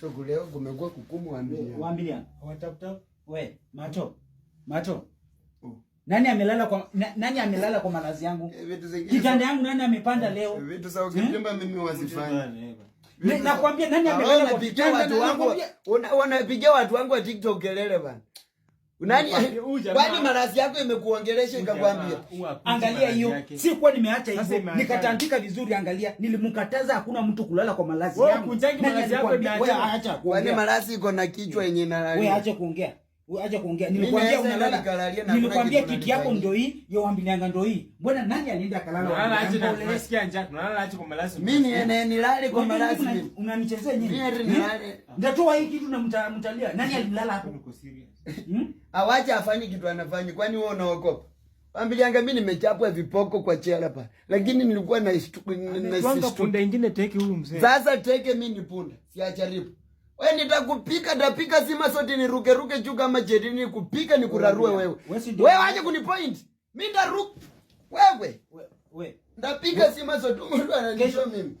Togo leo kumekuwa kukumu waambia. Waambia. Watapta. We, macho. Macho. Oh. Nani amelala kwa na, nani amelala kwa malazi yangu? Eh, kitanda yangu nani amepanda eh, leo? Vitu sawa kilimba mimi wazifanya. Eh, nakwambia nani ah, amelala kwa kitanda watu wangu? Wanapigia watu wangu wa TikTok kelele bana. Nani kwani marazi yako imekuongelesha ikakwambia? Angalia hiyo, si kwa nimeacha hivyo nikatandika vizuri. Angalia, nilimkataza hakuna mtu kulala kwa malazi yangu. Wewe acha kwani marazi iko na kichwa yenye na wewe acha kuongea. Acha kuongea. Nilikwambia unalala. Nilikwambia kiti yako ndio hii, yo wambilianga ndio hii. Mbona nani alienda kalala? Unalala acha na unasikia njaa. Unalala acha kwa malazi. Mimi ni nilale kwa malazi. Unanichezea nini? Mimi ni nilale. Hmm? Ndio tu hii kitu na mtalia. Nani alilala hapo? Niko serious. Hmm? Awaje afanye kitu anafanya. Kwani wewe unaogopa? Ambilianga mimi nimechapwa vipoko kwa chela pa. Lakini nilikuwa na na sisi. punda ingine teke huyu mzee. Sasa teke mimi ni punda. Siacharibu. We nitakupika tapika sima sote niruke ruke juu kama jeti nikupika nikurarue wewe. Wewe aje kunipoint. Mimi ndaruka wewe. Wewe. Ndapika sima sote mtu ananishwa mimi.